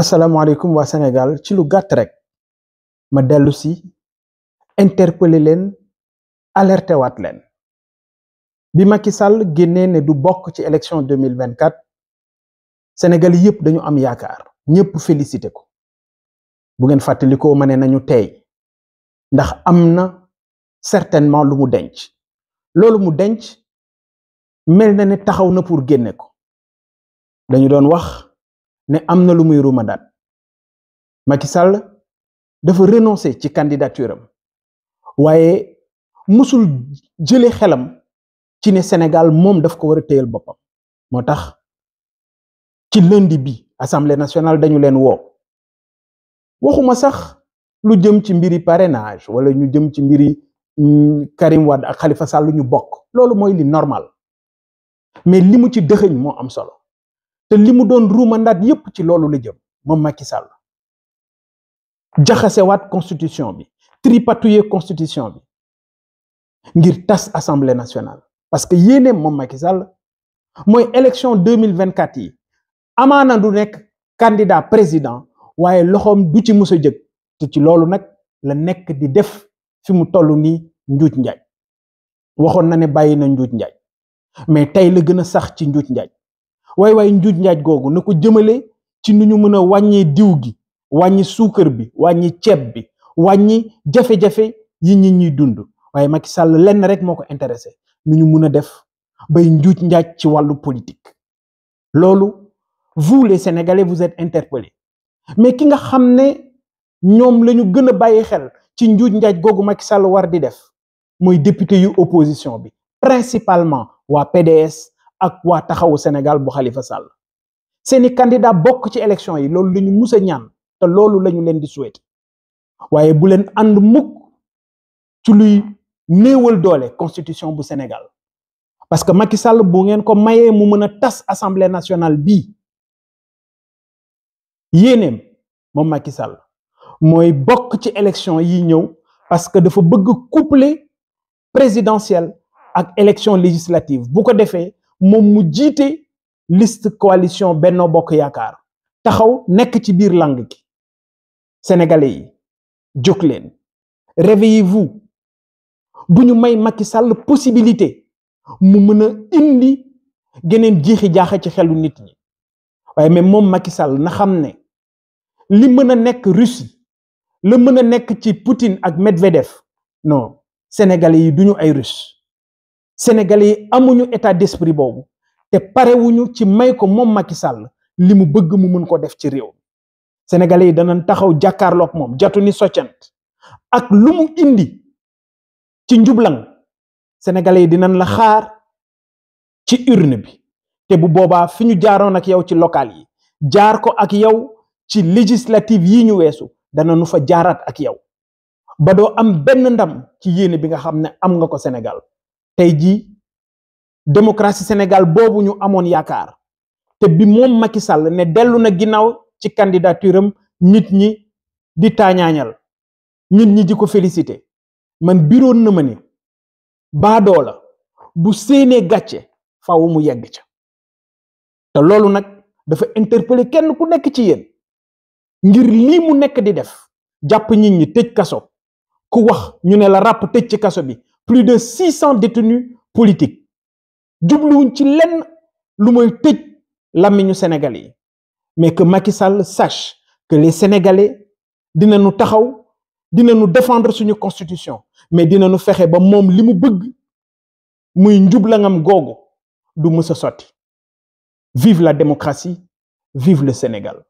asalaamaaleykum waa Sénégal ci lu gàtt rek ma dellu si interpeller leen alerter waat leen bi ki Sall génnee ne du bokk ci élection 2024 Sénégal yëpp dañu am yaakaar ñëpp félicité ko bu ngeen fàttalikoo ma ne nañu tey ndax am na certainement lu mu denc loolu mu denc mel na ne taxaw na pour génne ko dañu doon wax. ne am na lu muy rumandaat Macky Sall dafa renoncer ci candidature waaye musul jële xelam ci ne Sénégal moom daf ko war a téyal boppam moo tax ci lundi bi assemblée nationale dañu leen woo waxuma sax lu jëm ci mbiri parrainage wala ñu jëm ci mbiri mm, Karim Wade ak Khalifa ñu bokk loolu mooy li normal mais li mu ci dëxëñ moo am solo te li mu doon ruumandaat yépp ci loolu la jëm moom Macky Sall jaxasewaat constitution bi tripatouiller constitution bi ngir tas assemblée nationale parce que yéeneem moom Macky Sall mooy élection deux mille vingt quatre yi amaana du nekk candidat président waaye loxoom du ci mus a jëg te ci loolu nag la nekk di def fi mu toll nii njuuj njaaj waxoon na ne bàyyi na njuuj njaaj mais tey la gën a sax ci njuuj njaaj way way njuuj njaaj googu na ko jëmale ci nu ñu mën a wàññee diw gi wàññi suukar bi wàññi ceeb bi wàññi jafe-jafe yi ñi ñuy dund waaye Macky Sall lenn rek moo ko intéressé nu ñu mën a def bay njuuj njaaj ci wàllu politique loolu vous les Sénégalais vous êtes interpellés mais ki nga xam ne ñoom la ñu gën a bàyyi xel ci njuuj njaaj googu Macky Sall war di def mooy député yu opposition bi principalement waa PDS ak waa taxawu Sénégal bu Khalifa Sall seeni candidat bok ci élection yi lolou la ñu mus ñaan te lolou la ñu leen di souhaité waaye bu leen and mukk ci luy néewal doole constitution bu Sénégal parce que Macky Sall bu ngeen ko mayee mu mën a tas assemblée nationale bi yéeneem moom Macky Sall moy bok ci élection yi ñew parce que dafa bëgg coupler présidentielle ak élection législative bu ko défé mom mu jité liste coalition Benno Bokk yakar taxaw nek ci bir lang gi sénégalais yi djok réveillez-vous bu vous may Macky possibilité mu meuna indi geneen vous jaxé ci xelu nit mais mon Macky na xamné ne li Russie la mën ci Poutine ak Medvedev non sénégalais yi duñu ay sénégalais amuñu état d'esprit té paré wuñu ci may ko mom Macky Sall limu bëgg mu mën ko def ci réew sénégalais yi danañ taxaw jakarlok mom jatu ni ak lumu indi ci njublang sénégalais yi dinañ la xaar ci urne bi té bu boba fiñu jaaroon ak yow ci local yi jaar ko ak yow ci législative yi ñu dana nu fa jaarat ak yow ba do am benn ndam ci yene bi nga xamne am nga ko sénégal tey jii démocratie Sénégal boobu ñu amoon yaakaar te bi moom Macky sàll ne dellu na ginnaaw ci candidature nit ñi di taañaañal nit ñi di ko félicité man biroon na ma ni baadoo la bu séenee gàcce faaw mu yegg ca te loolu nag dafa interpeller kenn ku nekk ci yéen ngir lii mu nekk di def jàpp nit ñi tëj kaso ku wax ñu ne la ràpp tëj ci kaso bi plus de 600 détenus politiques jubluwuñ ci lenn lu sénégalais mais que Macky Sall sache que les sénégalais dinañu taxaw nous défendre suñu constitution mais dinañu fexé ba mom limu bëgg muy ngam gogo du vive la démocratie vive le Sénégal